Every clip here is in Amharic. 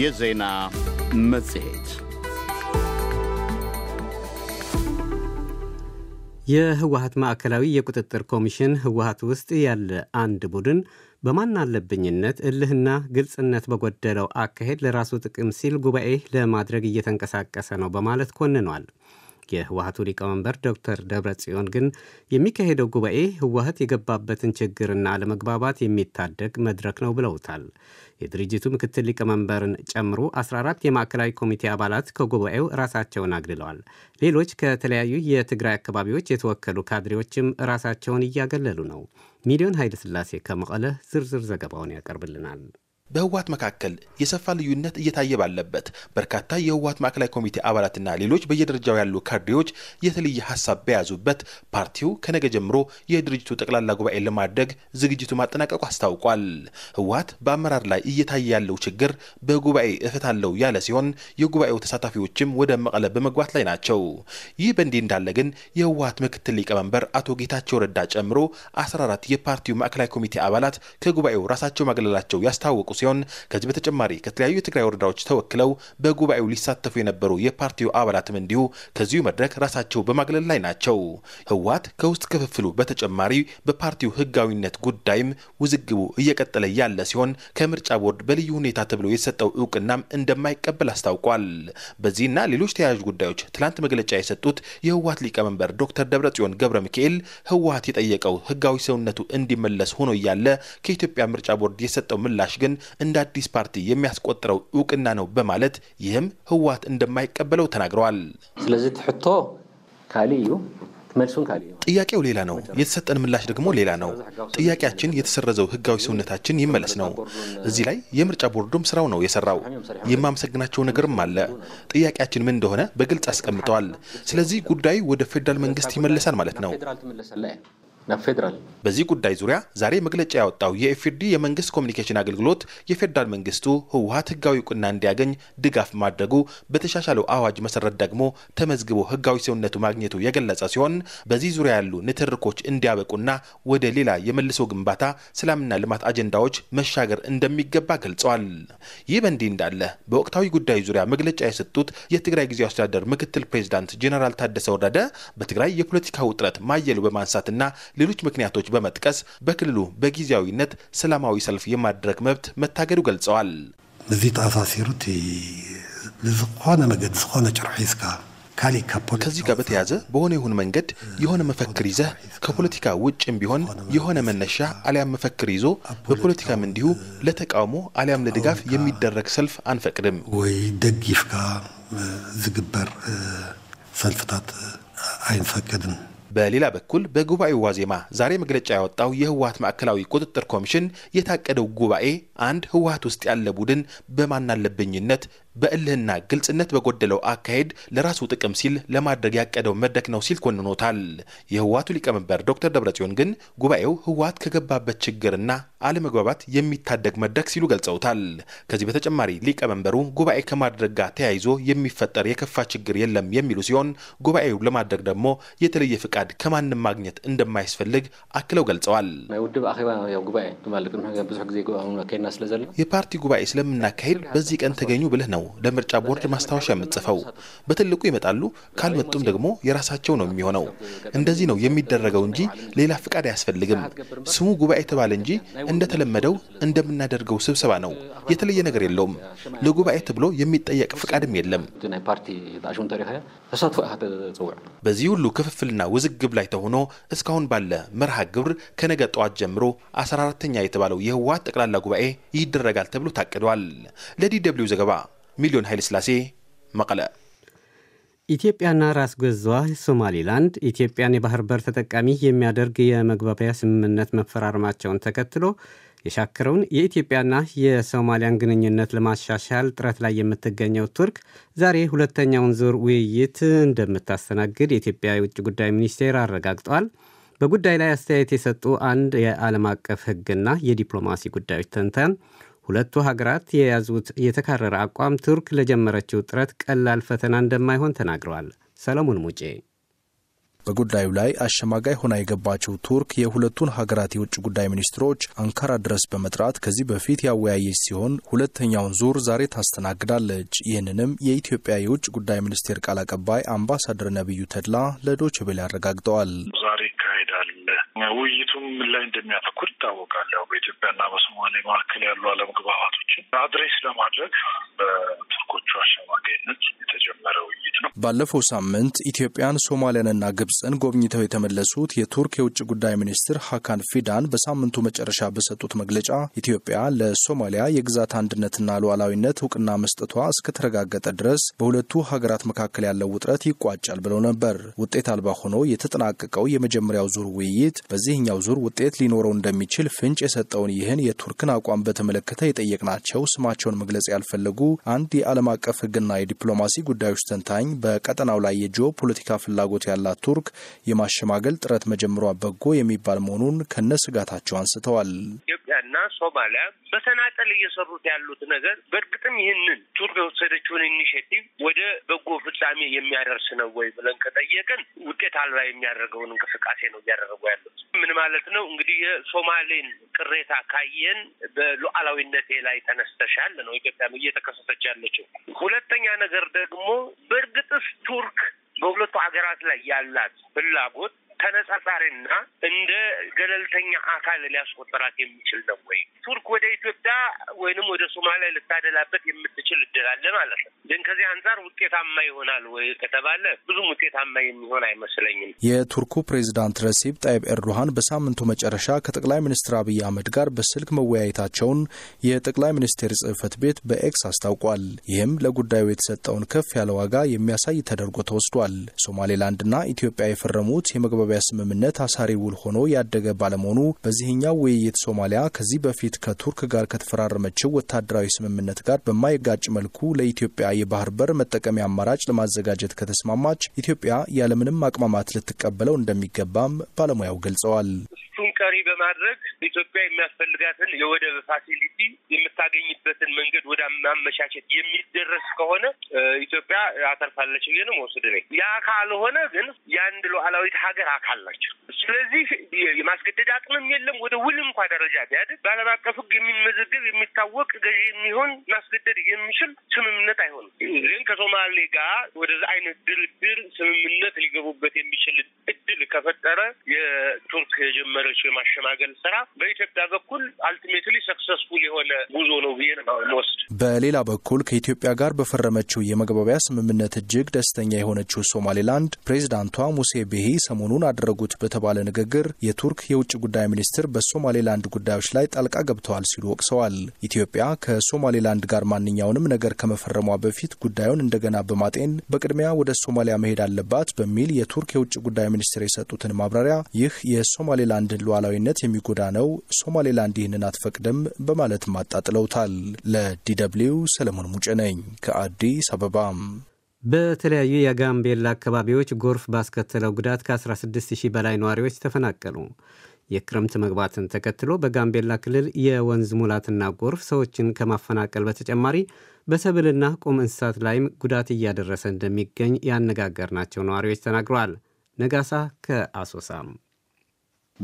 የዜና መጽሔት የህወሀት ማዕከላዊ የቁጥጥር ኮሚሽን ህወሀት ውስጥ ያለ አንድ ቡድን በማን አለብኝነት እልህና ግልጽነት በጎደለው አካሄድ ለራሱ ጥቅም ሲል ጉባኤ ለማድረግ እየተንቀሳቀሰ ነው በማለት ኮንኗል። የህወሀቱ ሊቀመንበር ዶክተር ደብረ ጽዮን ግን የሚካሄደው ጉባኤ ህወሀት የገባበትን ችግርና አለመግባባት የሚታደግ መድረክ ነው ብለውታል። የድርጅቱ ምክትል ሊቀመንበርን ጨምሮ 14 የማዕከላዊ ኮሚቴ አባላት ከጉባኤው ራሳቸውን አግልለዋል። ሌሎች ከተለያዩ የትግራይ አካባቢዎች የተወከሉ ካድሬዎችም ራሳቸውን እያገለሉ ነው። ሚሊዮን ስላሴ ከመቀለ ዝርዝር ዘገባውን ያቀርብልናል። በህወሀት መካከል የሰፋ ልዩነት እየታየ ባለበት በርካታ የህወሀት ማዕከላዊ ኮሚቴ አባላትና ሌሎች በየደረጃው ያሉ ካድሬዎች የተለየ ሀሳብ በያዙበት ፓርቲው ከነገ ጀምሮ የድርጅቱ ጠቅላላ ጉባኤ ለማድረግ ዝግጅቱ ማጠናቀቁ አስታውቋል። ህወሀት በአመራር ላይ እየታየ ያለው ችግር በጉባኤ እፈታለው ያለ ሲሆን የጉባኤው ተሳታፊዎችም ወደ መቀለ በመግባት ላይ ናቸው። ይህ በእንዲህ እንዳለ ግን የህወሀት ምክትል ሊቀመንበር አቶ ጌታቸው ረዳ ጨምሮ 14 የፓርቲው ማዕከላዊ ኮሚቴ አባላት ከጉባኤው ራሳቸው ማግለላቸው ያስታወቁ ሲሆን ከዚህ በተጨማሪ ከተለያዩ የትግራይ ወረዳዎች ተወክለው በጉባኤው ሊሳተፉ የነበሩ የፓርቲው አባላትም እንዲሁ ከዚሁ መድረክ ራሳቸው በማግለል ላይ ናቸው። ህወሓት ከውስጥ ክፍፍሉ በተጨማሪ በፓርቲው ህጋዊነት ጉዳይም ውዝግቡ እየቀጠለ ያለ ሲሆን ከምርጫ ቦርድ በልዩ ሁኔታ ተብሎ የተሰጠው እውቅናም እንደማይቀበል አስታውቋል። በዚህና ሌሎች ተያያዥ ጉዳዮች ትላንት መግለጫ የሰጡት የህወሓት ሊቀመንበር ዶክተር ደብረጽዮን ገብረ ሚካኤል ህወሓት የጠየቀው ህጋዊ ሰውነቱ እንዲመለስ ሆኖ እያለ ከኢትዮጵያ ምርጫ ቦርድ የሰጠው ምላሽ ግን እንደ አዲስ ፓርቲ የሚያስቆጥረው እውቅና ነው በማለት ይህም ህወሓት እንደማይቀበለው ተናግረዋል። ስለዚህ ትሕቶ ካልእ እዩ ጥያቄው ሌላ ነው፣ የተሰጠን ምላሽ ደግሞ ሌላ ነው። ጥያቄያችን የተሰረዘው ህጋዊ ሰውነታችን ይመለስ ነው። እዚህ ላይ የምርጫ ቦርዱም ስራው ነው የሰራው። የማመሰግናቸው ነገርም አለ። ጥያቄያችን ምን እንደሆነ በግልጽ አስቀምጠዋል። ስለዚህ ጉዳዩ ወደ ፌዴራል መንግስት ይመለሳል ማለት ነው። ፌዴራል በዚህ ጉዳይ ዙሪያ ዛሬ መግለጫ ያወጣው የኤፍዲ የመንግስት ኮሚኒኬሽን አገልግሎት የፌዴራል መንግስቱ ህወሀት ህጋዊ እውቅና እንዲያገኝ ድጋፍ ማድረጉ በተሻሻለው አዋጅ መሰረት ደግሞ ተመዝግቦ ህጋዊ ሰውነቱ ማግኘቱ የገለጸ ሲሆን በዚህ ዙሪያ ያሉ ንትርኮች እንዲያበቁና ወደ ሌላ የመልሶ ግንባታ ሰላምና ልማት አጀንዳዎች መሻገር እንደሚገባ ገልጸዋል። ይህ በእንዲህ እንዳለ በወቅታዊ ጉዳይ ዙሪያ መግለጫ የሰጡት የትግራይ ጊዜ አስተዳደር ምክትል ፕሬዚዳንት ጄኔራል ታደሰ ወረደ በትግራይ የፖለቲካ ውጥረት ማየሉ በማንሳትና ሌሎች ምክንያቶች በመጥቀስ በክልሉ በጊዜያዊነት ሰላማዊ ሰልፍ የማድረግ መብት መታገዱ ገልጸዋል። እዚ ተኣሳሲሩ እቲ ዝኾነ መገድ ዝኾነ ጭርሖ ስካ ከዚህ ጋር በተያዘ በሆነ ይሁን መንገድ የሆነ መፈክር ይዘህ ከፖለቲካ ውጭም ቢሆን የሆነ መነሻ አሊያም መፈክር ይዞ በፖለቲካም እንዲሁ ለተቃውሞ አሊያም ለድጋፍ የሚደረግ ሰልፍ አንፈቅድም ወይ ደጊፍካ ዝግበር ሰልፍታት አይንፈቅድን። በሌላ በኩል በጉባኤው ዋዜማ ዛሬ መግለጫ ያወጣው የህወሀት ማዕከላዊ ቁጥጥር ኮሚሽን የታቀደው ጉባኤ አንድ ህወሀት ውስጥ ያለ ቡድን በማናለብኝነት በእልህና ግልጽነት በጎደለው አካሄድ ለራሱ ጥቅም ሲል ለማድረግ ያቀደው መድረክ ነው ሲል ኮንኖታል። የህወሓቱ ሊቀመንበር ዶክተር ደብረጽዮን ግን ጉባኤው ህወሓት ከገባበት ችግርና አለመግባባት የሚታደግ መድረክ ሲሉ ገልጸውታል። ከዚህ በተጨማሪ ሊቀመንበሩ ጉባኤ ከማድረግ ጋር ተያይዞ የሚፈጠር የከፋ ችግር የለም የሚሉ ሲሆን ጉባኤው ለማድረግ ደግሞ የተለየ ፍቃድ ከማንም ማግኘት እንደማያስፈልግ አክለው ገልጸዋል። የፓርቲ ጉባኤ ስለምናካሄድ በዚህ ቀን ተገኙ ብልህ ነው ነው ለምርጫ ቦርድ ማስታወሻ የምጽፈው። በትልቁ ይመጣሉ፣ ካልመጡም ደግሞ የራሳቸው ነው የሚሆነው። እንደዚህ ነው የሚደረገው እንጂ ሌላ ፍቃድ አያስፈልግም። ስሙ ጉባኤ ተባለ እንጂ እንደተለመደው እንደምናደርገው ስብሰባ ነው። የተለየ ነገር የለውም። ለጉባኤ ተብሎ የሚጠየቅ ፍቃድም የለም። በዚህ ሁሉ ክፍፍልና ውዝግብ ላይ ተሆኖ እስካሁን ባለ መርሃ ግብር ከነገ ጠዋት ጀምሮ 14ተኛ የተባለው የህወሓት ጠቅላላ ጉባኤ ይደረጋል ተብሎ ታቅዷል። ለዲ ደብልዩ ዘገባ ሚሊዮን ስላሴ መቀለ። ኢትዮጵያና ራስ ገዟ ሶማሊላንድ ኢትዮጵያን የባህር በር ተጠቃሚ የሚያደርግ የመግባቢያ ስምምነት መፈራረማቸውን ተከትሎ የሻከረውን የኢትዮጵያና የሶማሊያን ግንኙነት ለማሻሻል ጥረት ላይ የምትገኘው ቱርክ ዛሬ ሁለተኛውን ዙር ውይይት እንደምታስተናግድ የኢትዮጵያ የውጭ ጉዳይ ሚኒስቴር አረጋግጧል። በጉዳይ ላይ አስተያየት የሰጡ አንድ የዓለም አቀፍ ህግና የዲፕሎማሲ ጉዳዮች ተንታኝ ሁለቱ ሀገራት የያዙት የተካረረ አቋም ቱርክ ለጀመረችው ጥረት ቀላል ፈተና እንደማይሆን ተናግረዋል። ሰለሞን ሙጬ በጉዳዩ ላይ አሸማጋይ ሆና የገባችው ቱርክ የሁለቱን ሀገራት የውጭ ጉዳይ ሚኒስትሮች አንካራ ድረስ በመጥራት ከዚህ በፊት ያወያየች ሲሆን ሁለተኛውን ዙር ዛሬ ታስተናግዳለች። ይህንንም የኢትዮጵያ የውጭ ጉዳይ ሚኒስቴር ቃል አቀባይ አምባሳደር ነቢዩ ተድላ ለዶችቤል አረጋግጠዋል። ውይይቱም ምን ላይ እንደሚያተኩር ይታወቃል። ያው በኢትዮጵያና በሶማሌ መካከል ያሉ አለመግባባቶችን አድሬስ ለማድረግ በቱርኮቹ አሸማጋይነት የተጀመረ ውይይት ነው። ባለፈው ሳምንት ኢትዮጵያን፣ ሶማሊያንና ግብፅን ጎብኝተው የተመለሱት የቱርክ የውጭ ጉዳይ ሚኒስትር ሀካን ፊዳን በሳምንቱ መጨረሻ በሰጡት መግለጫ ኢትዮጵያ ለሶማሊያ የግዛት አንድነትና ሉዓላዊነት እውቅና መስጠቷ እስከተረጋገጠ ድረስ በሁለቱ ሀገራት መካከል ያለው ውጥረት ይቋጫል ብለው ነበር። ውጤት አልባ ሆኖ የተጠናቀቀው የመጀመሪያው ዙር ውይይት በዚህኛው ዙር ውጤት ሊኖረው እንደሚችል ፍንጭ የሰጠውን ይህን የቱርክን አቋም በተመለከተ የጠየቅናቸው ስማቸውን መግለጽ ያልፈለጉ አንድ የዓለም አቀፍ ሕግና የዲፕሎማሲ ጉዳዮች ተንታኝ በቀጠናው ላይ የጂኦ ፖለቲካ ፍላጎት ያላት ቱርክ የማሸማገል ጥረት መጀመሯ በጎ የሚባል መሆኑን ከነ ስጋታቸው አንስተዋል። ሶማሊያ በተናጠል እየሰሩት ያሉት ነገር በእርግጥም ይህንን ቱርክ የወሰደችውን ኢኒሽቲቭ ወደ በጎ ፍጻሜ የሚያደርስ ነው ወይ ብለን ከጠየቅን ውጤት አልባ የሚያደርገውን እንቅስቃሴ ነው እያደረጉ ያሉት። ምን ማለት ነው እንግዲህ የሶማሌን ቅሬታ ካየን በሉዓላዊነቴ ላይ ተነስተሻል ነው ኢትዮጵያ እየተከሰሰች ያለችው። ሁለተኛ ነገር ደግሞ በእርግጥስ ቱርክ በሁለቱ ሀገራት ላይ ያላት ፍላጎት ተነጻጻሪና እንደ ገለልተኛ አካል ሊያስቆጠራት የሚችል ነው ወይ? ቱርክ ወደ ኢትዮጵያ ወይንም ወደ ሶማሊያ ልታደላበት የምትችል እድላለ ማለት ነው። ግን ከዚህ አንጻር ውጤታማ ይሆናል ወይ ከተባለ ብዙም ውጤታማ የሚሆን አይመስለኝም። የቱርኩ ፕሬዚዳንት ረሲብ ጣይብ ኤርዶሃን በሳምንቱ መጨረሻ ከጠቅላይ ሚኒስትር አብይ አህመድ ጋር በስልክ መወያየታቸውን የጠቅላይ ሚኒስቴር ጽህፈት ቤት በኤክስ አስታውቋል። ይህም ለጉዳዩ የተሰጠውን ከፍ ያለ ዋጋ የሚያሳይ ተደርጎ ተወስዷል። ሶማሌላንድና ኢትዮጵያ የፈረሙት የመግባቢያ የመግባቢያ ስምምነት አሳሪ ውል ሆኖ ያደገ ባለመሆኑ በዚህኛው ውይይት ሶማሊያ ከዚህ በፊት ከቱርክ ጋር ከተፈራረመችው ወታደራዊ ስምምነት ጋር በማይጋጭ መልኩ ለኢትዮጵያ የባህር በር መጠቀሚያ አማራጭ ለማዘጋጀት ከተስማማች ኢትዮጵያ ያለምንም አቅማማት ልትቀበለው እንደሚገባም ባለሙያው ገልጸዋል። እሱን ቀሪ በማድረግ ኢትዮጵያ የሚያስፈልጋትን የወደብ ፋሲሊቲ የምታገኝበትን መንገድ ወደ ማመቻቸት የሚደረስ ከሆነ ኢትዮጵያ አተርፋለች ብዬ ነው ነኝ። ያ ካልሆነ ግን የአንድ ሉዓላዊት ሀገር አካል ናቸው። ስለዚህ የማስገደድ አቅምም የለም። ወደ ውል እንኳ ደረጃ ቢያድግ በዓለም አቀፍ ሕግ የሚመዘገብ የሚታወቅ ገዢ የሚሆን ማስገደድ የሚችል ስምምነት አይሆንም። ግን ከሶማሌ ጋር ወደዛ አይነት ድርድር ስምምነት ሊገቡበት የሚችል እድል ከፈጠረ የቱርክ የጀመረ ችግሮች የማሸማገል ስራ በኢትዮጵያ በኩል አልቲሜትሊ ሰክሰስፉል የሆነ ጉዞ ነው ብዬ ነው የምወስድ። በሌላ በኩል ከኢትዮጵያ ጋር በፈረመችው የመግባቢያ ስምምነት እጅግ ደስተኛ የሆነችው ሶማሌላንድ ፕሬዚዳንቷ ሙሴ ቤሂ ሰሞኑን አደረጉት በተባለ ንግግር የቱርክ የውጭ ጉዳይ ሚኒስትር በሶማሌላንድ ጉዳዮች ላይ ጣልቃ ገብተዋል ሲሉ ወቅሰዋል። ኢትዮጵያ ከሶማሌላንድ ጋር ማንኛውንም ነገር ከመፈረሟ በፊት ጉዳዩን እንደገና በማጤን በቅድሚያ ወደ ሶማሊያ መሄድ አለባት በሚል የቱርክ የውጭ ጉዳይ ሚኒስትር የሰጡትን ማብራሪያ ይህ የሶማሌላንድ የአንድን ሉዓላዊነት የሚጎዳ ነው፣ ሶማሌላንድ ይህንን አትፈቅድም በማለት ማጣጥለውታል። ለዲደብሊው ሰለሞን ሙጬ ነኝ ከአዲስ አበባ። በተለያዩ የጋምቤላ አካባቢዎች ጎርፍ ባስከተለው ጉዳት ከ16000 በላይ ነዋሪዎች ተፈናቀሉ። የክረምት መግባትን ተከትሎ በጋምቤላ ክልል የወንዝ ሙላትና ጎርፍ ሰዎችን ከማፈናቀል በተጨማሪ በሰብልና ቁም እንስሳት ላይም ጉዳት እያደረሰ እንደሚገኝ ያነጋገርናቸው ነዋሪዎች ተናግረዋል። ነጋሳ ከአሶሳም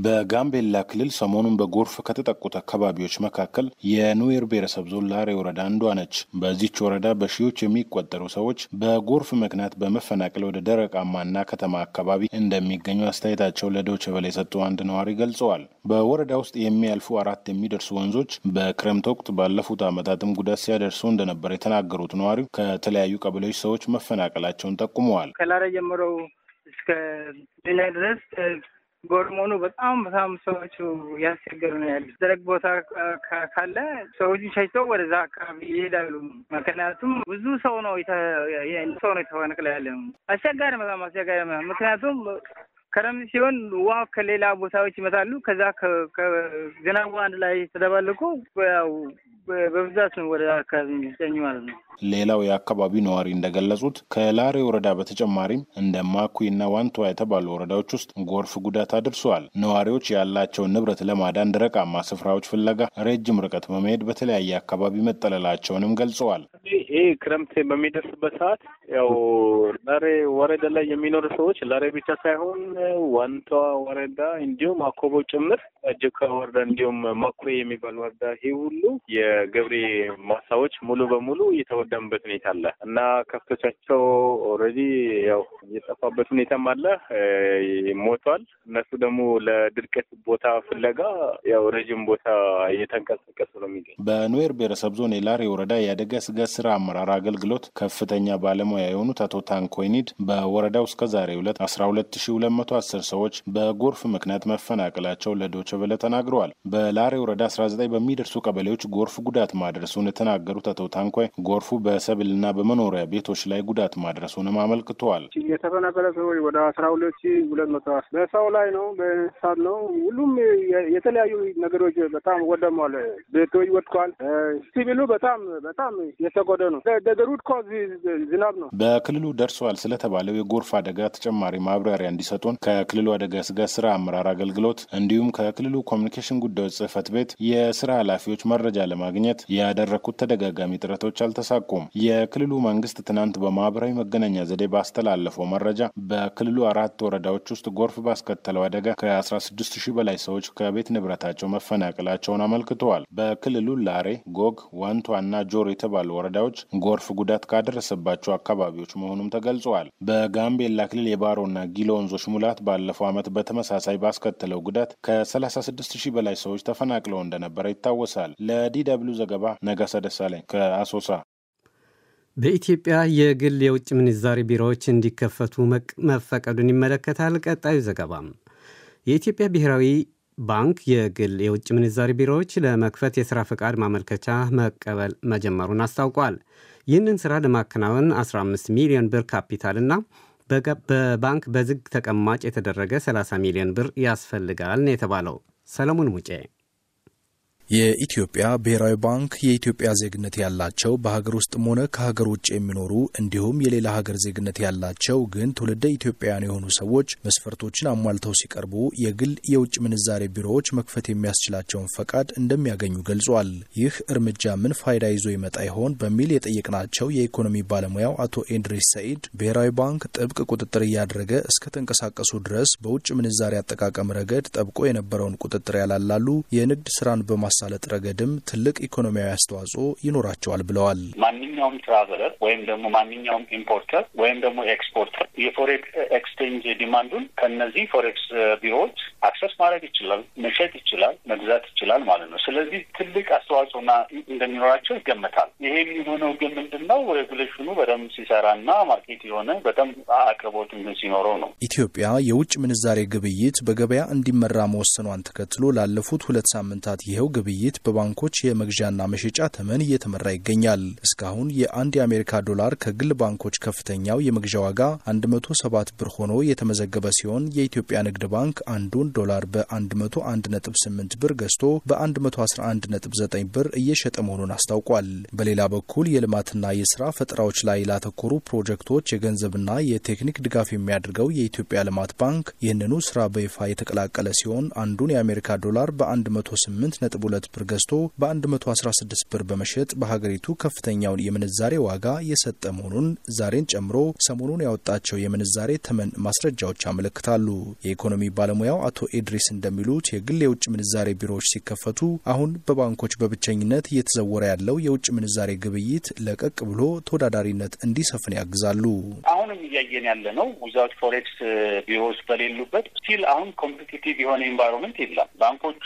በጋምቤላ ክልል ሰሞኑን በጎርፍ ከተጠቁት አካባቢዎች መካከል የኑዌር ብሔረሰብ ዞን ላሬ ወረዳ አንዷ ነች። በዚች ወረዳ በሺዎች የሚቆጠሩ ሰዎች በጎርፍ ምክንያት በመፈናቀል ወደ ደረቃማና ከተማ አካባቢ እንደሚገኙ አስተያየታቸው ለዶይቼ ቬለ የሰጡ አንድ ነዋሪ ገልጸዋል። በወረዳ ውስጥ የሚያልፉ አራት የሚደርሱ ወንዞች በክረምት ወቅት ባለፉት ዓመታትም ጉዳት ሲያደርሱ እንደነበር የተናገሩት ነዋሪው ከተለያዩ ቀበሌዎች ሰዎች መፈናቀላቸውን ጠቁመዋል። ከላሬ ጀምረው እስከ ድረስ በመሆኑ በጣም በጣም ሰዎቹ ያስቸገሩ ነው ያሉ። ደረቅ ቦታ ካለ ሰዎቹ ሸሽተው ወደዛ አካባቢ ይሄዳሉ። ምክንያቱም ብዙ ሰው ነው ሰው ነው የተፈነቅለ ያለ አስቸጋሪ በጣም አስቸጋሪ ምክንያቱም ክረምት ሲሆን ውሃ ከሌላ ቦታዎች ይመጣሉ። ከዛ ዝናቡ አንድ ላይ ተደባልቆ ያው በብዛት ነው ወደ አካባቢ የሚገኝ ማለት ነው። ሌላው የአካባቢው ነዋሪ እንደገለጹት ከላሬ ወረዳ በተጨማሪም እንደ እና ዋንቷ የተባሉ ወረዳዎች ውስጥ ጎርፍ ጉዳት አድርሰዋል። ነዋሪዎች ያላቸውን ንብረት ለማዳን ደረቃማ ስፍራዎች ፍለጋ ረጅም ርቀት በመሄድ በተለያየ አካባቢ መጠለላቸውንም ገልጸዋል። ይህ ክረምት በሚደርስበት ሰዓት ያው ላሬ ወረዳ ላይ የሚኖሩ ሰዎች ላሬ ብቻ ሳይሆን ዋንቷ ወረዳ እንዲሁም አኮቦ ጭምር እጅካ ወረዳ እንዲሁም መኩሬ የሚባል ወረዳ ይህ ሁሉ የገብሬ ማሳዎች ሙሉ በሙሉ እየተወደሙበት ሁኔታ አለ እና ከፍቶቻቸው ኦልሬዲ ያው እየጠፋበት ሁኔታም አለ፣ ሞቷል። እነሱ ደግሞ ለድርቀት ቦታ ፍለጋ ያው ረዥም ቦታ እየተንቀሳቀሱ ነው የሚገኝ። በኑዌር ብሔረሰብ ዞን የላሬ ወረዳ የአደጋ ስጋት ስራ አመራር አገልግሎት ከፍተኛ ባለሙያ የሆኑት አቶ ታንኮይኒድ በወረዳው እስከ ዛሬ ሁለት አስራ ሁለት ሺ ሁለት መቶ 110 ሰዎች በጎርፍ ምክንያት መፈናቀላቸው ለዶይቼ ተናግረዋል። በላሬ ወረዳ 19 በሚደርሱ ቀበሌዎች ጎርፍ ጉዳት ማድረሱን የተናገሩት አቶ ታንኳይ ጎርፉ በሰብልና በመኖሪያ ቤቶች ላይ ጉዳት ማድረሱንም አመልክተዋል። የተፈናቀለ ሰዎች ወደ 12 ሁለት በሰው ላይ ነው፣ በእንስሳት ነው። ሁሉም የተለያዩ ነገሮች በጣም ወደሟል። ቤቶች ወድቋል። ሲቪሉ በጣም በጣም የተጎደ ነው። ደገሩት ኮዝ ዝናብ ነው። በክልሉ ደርሰዋል ስለተባለው የጎርፍ አደጋ ተጨማሪ ማብራሪያ እንዲሰጡን ከክልሉ አደጋ ስጋት ስራ አመራር አገልግሎት እንዲሁም ከክልሉ ኮሚኒኬሽን ጉዳዮች ጽህፈት ቤት የስራ ኃላፊዎች መረጃ ለማግኘት ያደረግኩት ተደጋጋሚ ጥረቶች አልተሳኩም። የክልሉ መንግስት ትናንት በማህበራዊ መገናኛ ዘዴ ባስተላለፈው መረጃ በክልሉ አራት ወረዳዎች ውስጥ ጎርፍ ባስከተለው አደጋ ከ16 ሺህ በላይ ሰዎች ከቤት ንብረታቸው መፈናቀላቸውን አመልክተዋል። በክልሉ ላሬ፣ ጎግ፣ ዋንቷና ጆሮ የተባሉ ወረዳዎች ጎርፍ ጉዳት ካደረሰባቸው አካባቢዎች መሆኑም ተገልጸዋል። በጋምቤላ ክልል የባሮና ጊሎ ወንዞች ሙላ ጉዳት ባለፈው ዓመት በተመሳሳይ ባስከተለው ጉዳት ከ36 ሺህ በላይ ሰዎች ተፈናቅለው እንደነበረ ይታወሳል። ለዲደብሊው ዘገባ ነጋሳ ደሳለኝ ከአሶሳ። በኢትዮጵያ የግል የውጭ ምንዛሪ ቢሮዎች እንዲከፈቱ መፈቀዱን ይመለከታል። ቀጣዩ ዘገባም የኢትዮጵያ ብሔራዊ ባንክ የግል የውጭ ምንዛሪ ቢሮዎች ለመክፈት የሥራ ፈቃድ ማመልከቻ መቀበል መጀመሩን አስታውቋል። ይህንን ሥራ ለማከናወን 15 ሚሊዮን ብር ካፒታልና በባንክ በዝግ ተቀማጭ የተደረገ 30 ሚሊዮን ብር ያስፈልጋል ነው የተባለው። ሰለሞን ሙጬ የኢትዮጵያ ብሔራዊ ባንክ የኢትዮጵያ ዜግነት ያላቸው በሀገር ውስጥም ሆነ ከሀገር ውጭ የሚኖሩ እንዲሁም የሌላ ሀገር ዜግነት ያላቸው ግን ትውልደ ኢትዮጵያውያን የሆኑ ሰዎች መስፈርቶችን አሟልተው ሲቀርቡ የግል የውጭ ምንዛሬ ቢሮዎች መክፈት የሚያስችላቸውን ፈቃድ እንደሚያገኙ ገልጿል። ይህ እርምጃ ምን ፋይዳ ይዞ ይመጣ ይሆን በሚል የጠየቅናቸው የኢኮኖሚ ባለሙያው አቶ ኤንድሬስ ሰኢድ ብሔራዊ ባንክ ጥብቅ ቁጥጥር እያደረገ እስከ ተንቀሳቀሱ ድረስ በውጭ ምንዛሬ አጠቃቀም ረገድ ጠብቆ የነበረውን ቁጥጥር ያላላሉ የንግድ ስራን በማስ በማሳለጥ ረገድም ትልቅ ኢኮኖሚያዊ አስተዋጽኦ ይኖራቸዋል ብለዋል። ማንኛውም ትራቨለር ወይም ደግሞ ማንኛውም ኢምፖርተር ወይም ደግሞ ኤክስፖርተር የፎሬክስ ኤክስቼንጅ ዲማንዱን ከነዚህ ፎሬክስ ቢሮዎች አክሰስ ማድረግ ይችላል፣ መሸጥ ይችላል፣ መግዛት ይችላል ማለት ነው። ስለዚህ ትልቅ አስተዋጽኦና እንደሚኖራቸው ይገመታል። ይሄ የሚሆነው ግን ምንድን ነው ሬጉሌሽኑ በደንብ ሲሰራና ማርኬት የሆነ በጣም አቅርቦት ሲኖረው ነው። ኢትዮጵያ የውጭ ምንዛሬ ግብይት በገበያ እንዲመራ መወሰኗን ተከትሎ ላለፉት ሁለት ሳምንታት ይኸው ግብ ግብይት በባንኮች የመግዣና መሸጫ ተመን እየተመራ ይገኛል። እስካሁን የአንድ የአሜሪካ ዶላር ከግል ባንኮች ከፍተኛው የመግዣ ዋጋ 107 ብር ሆኖ የተመዘገበ ሲሆን የኢትዮጵያ ንግድ ባንክ አንዱን ዶላር በ101.8 ብር ገዝቶ በ111.9 ብር እየሸጠ መሆኑን አስታውቋል። በሌላ በኩል የልማትና የስራ ፈጠራዎች ላይ ላተኮሩ ፕሮጀክቶች የገንዘብና የቴክኒክ ድጋፍ የሚያደርገው የኢትዮጵያ ልማት ባንክ ይህንኑ ስራ በይፋ የተቀላቀለ ሲሆን አንዱን የአሜሪካ ዶላር በ108.2 በ ብር ገዝቶ በ116 ብር በመሸጥ በሀገሪቱ ከፍተኛውን የምንዛሬ ዋጋ የሰጠ መሆኑን ዛሬን ጨምሮ ሰሞኑን ያወጣቸው የምንዛሬ ተመን ማስረጃዎች ያመለክታሉ። የኢኮኖሚ ባለሙያው አቶ ኤድሪስ እንደሚሉት የግል የውጭ ምንዛሬ ቢሮዎች ሲከፈቱ አሁን በባንኮች በብቸኝነት እየተዘወረ ያለው የውጭ ምንዛሬ ግብይት ለቀቅ ብሎ ተወዳዳሪነት እንዲሰፍን ያግዛሉ። አሁንም እያየን ያለ ነው። ዊዛውት ፎሬክስ ቢሮዎች በሌሉበት ስቲል አሁን ኮምፒቲቲቭ የሆነ ኤንቫይሮንመንት የለም። ባንኮቹ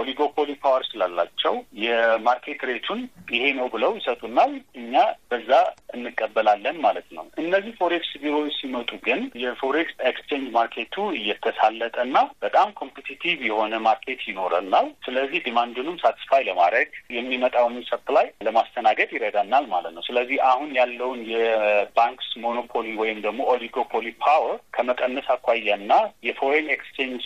ኦሊጎፖሊ ፓወር ስላላቸው የማርኬት ሬቱን ይሄ ነው ብለው ይሰጡናል። እኛ በዛ እንቀበላለን ማለት ነው። እነዚህ ፎሬክስ ቢሮዎች ሲመጡ ግን የፎሬክስ ኤክስቼንጅ ማርኬቱ እየተሳለጠና በጣም ኮምፒቲቲቭ የሆነ ማርኬት ይኖረናል። ስለዚህ ዲማንድኑም ሳትስፋይ ለማድረግ የሚመጣውን ሰፕላይ ለማስተናገድ ይረዳናል ማለት ነው። ስለዚህ አሁን ያለውን የባንክስ ሞኖፖሊ ወይም ደግሞ ኦሊጎፖሊ ፓወር ከመቀነስ አኳያና የፎሬን ኤክስቼንጅ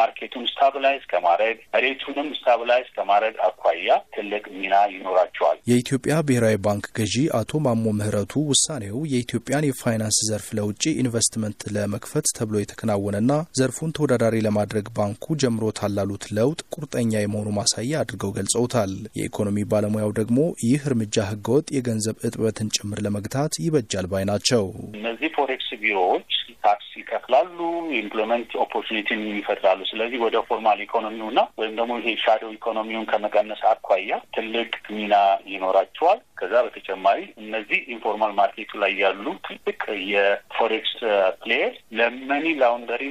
ማርኬቱን ስታብላይዝ ከማድረግ ሬቱንም ስታብላይ ሞቢላይዝ ከማድረግ አኳያ ትልቅ ሚና ይኖራቸዋል። የኢትዮጵያ ብሔራዊ ባንክ ገዢ አቶ ማሞ ምህረቱ ውሳኔው የኢትዮጵያን የፋይናንስ ዘርፍ ለውጭ ኢንቨስትመንት ለመክፈት ተብሎ የተከናወነና ዘርፉን ተወዳዳሪ ለማድረግ ባንኩ ጀምሮታል ላሉት ለውጥ ቁርጠኛ የመሆኑ ማሳያ አድርገው ገልጸውታል። የኢኮኖሚ ባለሙያው ደግሞ ይህ እርምጃ ህገወጥ የገንዘብ እጥበትን ጭምር ለመግታት ይበጃል ባይ ናቸው። እነዚህ ፎሬክስ ቢሮዎች ታክስ ይከፍላሉ፣ ኢምፕሎይመንት ኦፖርቹኒቲን ይፈጥራሉ። ስለዚህ ወደ ፎርማል ኢኮኖሚውና ወይም ደግሞ ይሄ ሻዶ ኢኮኖሚውን ከመቀነስ አኳያ ትልቅ ሚና ይኖራቸዋል። ከዛ በተጨማሪ እነዚህ ኢንፎርማል ማርኬቱ ላይ ያሉ ትልቅ የፎሬክስ ፕሌየር ለመኒ ላውንደሪ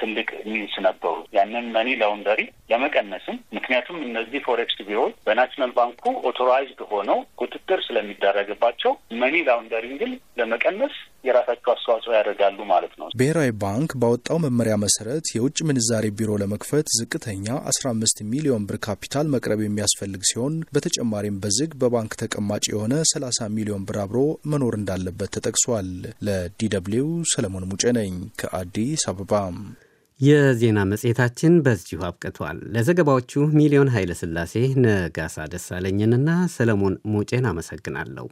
ትልቅ ሚንስ ነበሩ። ያንን መኒ ላውንደሪ ለመቀነስም ምክንያቱም እነዚህ ፎሬክስ ቢሮዎች በናሽናል ባንኩ ኦቶራይዝድ ሆነው ቁጥጥር ስለሚደረግባቸው መኒ ላውንደሪንግን ለመቀነስ የራሳቸው አስተዋጽኦ ያደርጋሉ ማለት ነው። ማለት ነው። ብሔራዊ ባንክ ባወጣው መመሪያ መሰረት የውጭ ምንዛሬ ቢሮ ለመክፈት ዝቅተኛ 15 ሚሊዮን ብር ካፒታል መቅረብ የሚያስፈልግ ሲሆን በተጨማሪም በዝግ በባንክ ተቀማጭ የሆነ 30 ሚሊዮን ብር አብሮ መኖር እንዳለበት ተጠቅሷል። ለዲደብሊው ሰለሞን ሙጬ ነኝ ከአዲስ አበባ። የዜና መጽሔታችን በዚሁ አብቅቷል። ለዘገባዎቹ ሚሊዮን ኃይለሥላሴ፣ ነጋሳ ደሳለኝንና ሰለሞን ሙጬን አመሰግናለሁ።